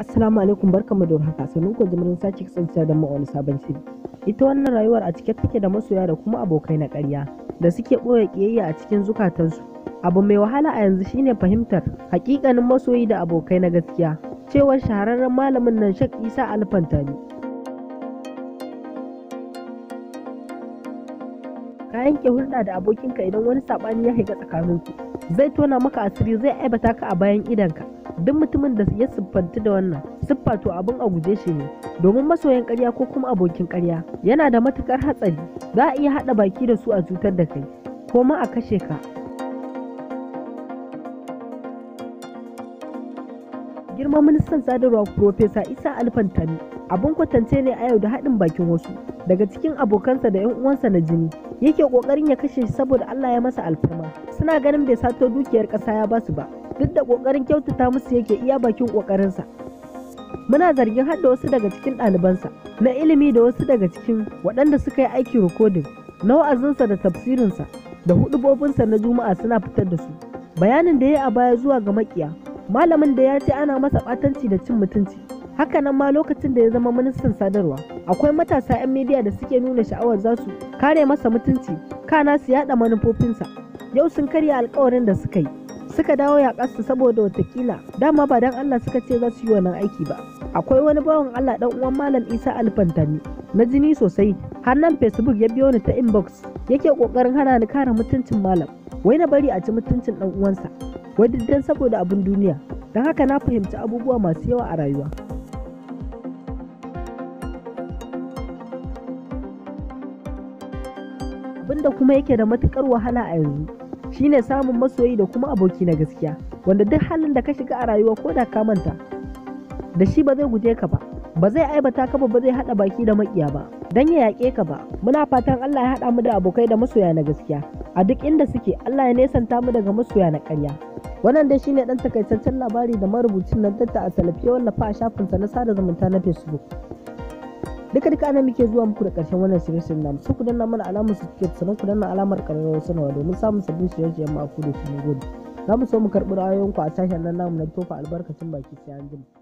Assalamu alaikum barkamu da warhaka sannu ku jimirin sake kasancewa da mu wani sabon shiri. Ita wannan rayuwar a cike take da masoya da kuma abokai na ƙarya da suke ɓoye ƙiyayya a cikin zukatansu. Abu mai wahala a yanzu shine fahimtar haƙiƙanin masoyi da abokai na gaskiya. Cewar shahararren malamin nan Sheikh Isa Alfantani. ka yanke hulɗa da abokinka idan wani saɓani ya shiga tsakaninku zai tona maka asiri zai aibata ka a bayan ka. duk mutumin da ya siffanta da wannan siffa to abin a guje shi ne domin masoyan ƙarya ko kuma abokin ƙarya yana da matukar hatsari za a iya haɗa baki da su a cutar da kai ko ma a kashe ka girman ministan sadarwa Profesa Isa Alfantami abun kwatance ne a yau da haɗin bakin wasu daga cikin abokansa da 'yan uwansa na jini yake ƙoƙarin ya kashe shi saboda Allah ya masa alfarma suna ganin bai sato dukiyar ƙasa ya basu ba duk da ƙoƙarin kyautata musu yake iya bakin ƙoƙarinsa muna zargin hadda da wasu daga cikin ɗalibansa na ilimi da wasu daga cikin waɗanda suka yi aiki rikodin na wa'azinsa da tafsirinsa da hudubobinsa na juma'a suna fitar da su bayanin da ya a baya zuwa ga maƙiya malamin da ya ce ana masa ɓatanci da cin mutunci hakanan ma lokacin da ya zama ministan sadarwa akwai matasa 'yan midiya da suke nuna sha'awar za su kare masa mutunci kana su yada manufofinsa yau sun karya alkawarin da suka yi suka dawo yaƙarsa saboda watakila dama ba dan Allah suka ce za su yi wannan aiki ba akwai wani bawan Allah dan uwan malam Isa Alfantani na jini sosai har nan Facebook ya biyo ni ta inbox yake kokarin hana ni kare mutuncin malam wai na bari a ci mutuncin dan uwansa wai duk saboda abin duniya don haka na fahimci abubuwa masu yawa a rayuwa da kuma yake da matukar wahala a yanzu shine samun masoyi da kuma aboki na gaskiya wanda duk halin da ka shiga a rayuwa ko da ka manta da shi ba zai guje ka ba ba zai aibata ka ba ba zai hada baki da makiya ba dan ya yaƙe ka ba muna fatan Allah ya hada mu da abokai da masoya na gaskiya a duk inda suke Allah ya nesanta mu daga masoya na ƙarya wannan dai shine dan takaitaccen labari da marubucin nan tatta a salafiya wallafa a shafinsa na sada zumunta na Facebook duka duka ana muke zuwa muku da karshen wannan shirin shiryen namu ku danna mana alamar su sannan ku danna alamar kararrawar sanarwa domin samun sabbin shirye shiryen mu a kudu shi gode za mu so mu karɓi ra'ayoyinku a sashen nan namu na tofa albarkacin baki sai an jima